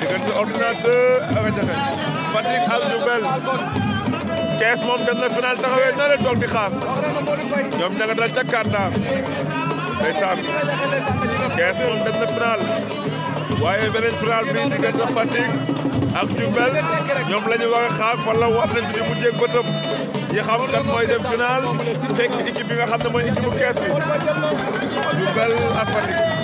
diggante ordinateur ak jafe Fatick ak Diourbel kees moom dem na final taxawee na la toog di xaar ñoom ña nga dal ca Kanda ndeysaan kees moom dem na final waaye beneen final bi diggante Fatick ak Diourbel ñoom la ñu a xaar fan la war nañ fi di mujjee bëtam yi xam kan mooy dem final fekk équipe bi nga xam ne mooy équipe bu kees bi Diourbel ak Fatick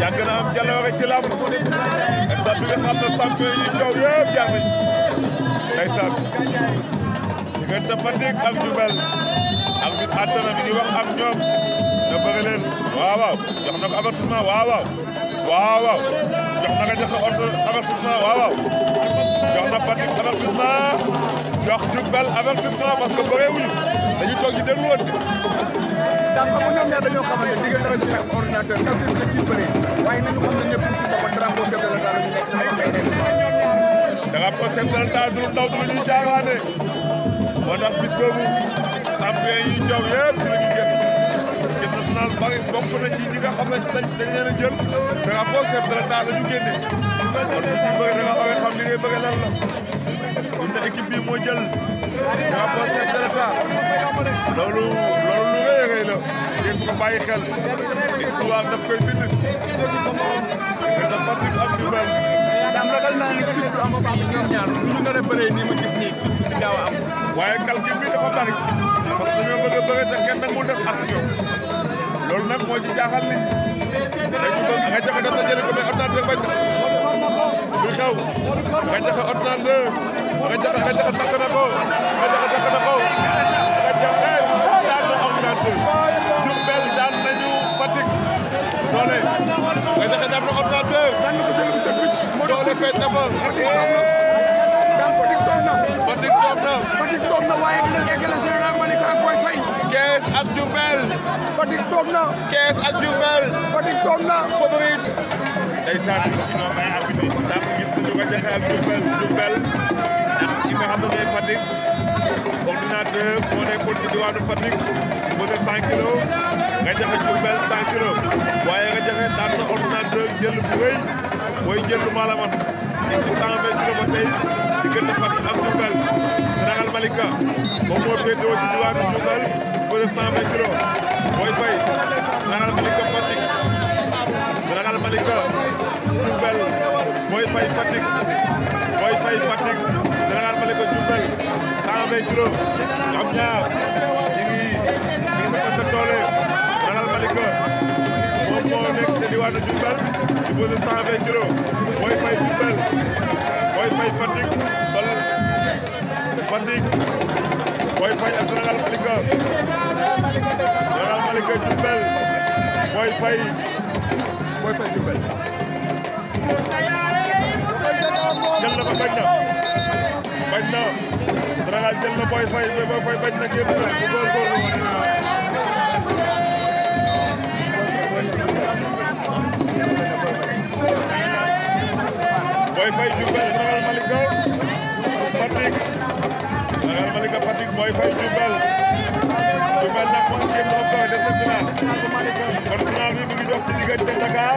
yàgg na am ci làmb stade bi nga xam ne champion yi coow yëpp jaar nañ ndeysaan diggante Fatick ak Diourbel ak nit ak ñoom nga jox na ko avertissement waaw jox na ko jox jox na Fatick avertissement jox Diourbel toog di déglu woon daam xam nga ñoom ñaar dañoo xamante ne diggante rajo ak ordinateur taw bi dañ ciy bëree waaye nañu xam ne ñëpp ci boppam dara boo seetlu la daal ñu nekk ñu xam ne dara boo seetlu la daal du ndaw du ñuy jaawaane moo tax bis boobu champion yi ñoom yëpp dinañu jël équipe nationale bari bokk na ci ñi nga xam ne dañ dañ leen a jël dara boo seetlu la daal la ñu génne kon bu ciy bëri da nga bëgg xam li ngay bëgg lan la ñu ne équipe bi moo jël dara boo seetlu la loolu. bàyyi xel histoire daf koy bind da Fatick ak Diourbel dam ragal naa ni sut am fam ñoom ñaar ñu nar a bëree ma gis nii sut bi am waaye calcul bi dafa bari parce que ñoo bëgg bëgg te kenn nangul def action loolu nag moo ci jaaxal nit dañu bëgg nga jafe daf na ko mais ordinateur bañ nga ordinateur nga nga takk na ko nga takk na ko nga na doole Ngaye Mékhé daan na Ordinateur. daan na ko jël bu set wicc. doole feeñ na fa. Fatick toog na. daan Fatick toog na. Fatick toog na. Fatick toog na waaye dinañ eggale Général Malika ak Boy Faye. Kees ak Diourbel. Fatick toog na. Kees ak Diourbel. Fatick toog na. Favorit. ndeysaan. daan ko gis ñu ko joxe ak Diourbel Diourbel. ndax ki nga xam ne day Fatick. Ordinateur moo nekkoon ci diwaanu Fatick. mu ne 100 kilos. jël bu rëy mooy jëlu Malamane ñu ngi ci 120 kilomètres tey si gën a Fatick ak Diourbel Ragal Malika moom moo féetewoo ci diwaanu Diourbel ba le 120 kilo mooy fay Ragal Malika Fatick Ragal Malika Diourbel mooy fay Fatick mooy fay Fatick Ragal Malika Diourbel 120 kilo ñoom ñaar ñu ngi ñu ngi ko toog sa tool Ragal Malika moom moo nekk ci diwaanu Diourbel posé 120 kilos Boy Faye Diourbel Boy Faye Fatick sol Fatick Boy Faye ak Général Malika Général Malika Diourbel Boy Faye Boy Faye Diourbel jël na ko bañ na bañ na Général jël na Boy Faye Boy Faye bañ na képp ku góorgóorlu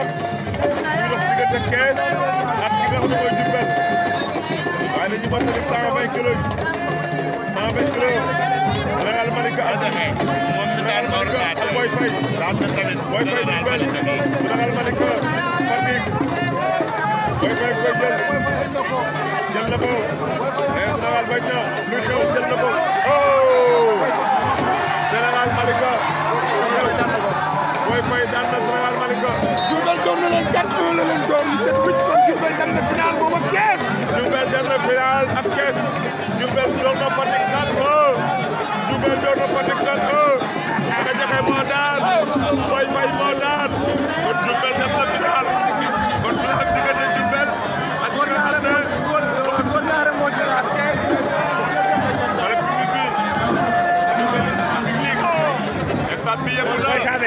Ndar ñu dox diggante Kees ak ki nga xam ne mooy Diourbel waaye dañuy mottali cent vingt kilos yi cent vingt kilos Général Malika ak Général Malika ak Boy Faye Boy Faye Diourbel Général Malika Fatick Boy Faye koy jël jël na ko Général bañ na final moom ak Thiès. Diourbel dem na final ak Thiès Diourbel door na Fatick 4-1 Diourbel door na Fatick 4-1 Aga Jaxe moo daan Boy Faye moo daan kon Diourbel dem na final kon final ak diggante Diourbel ak Thiès.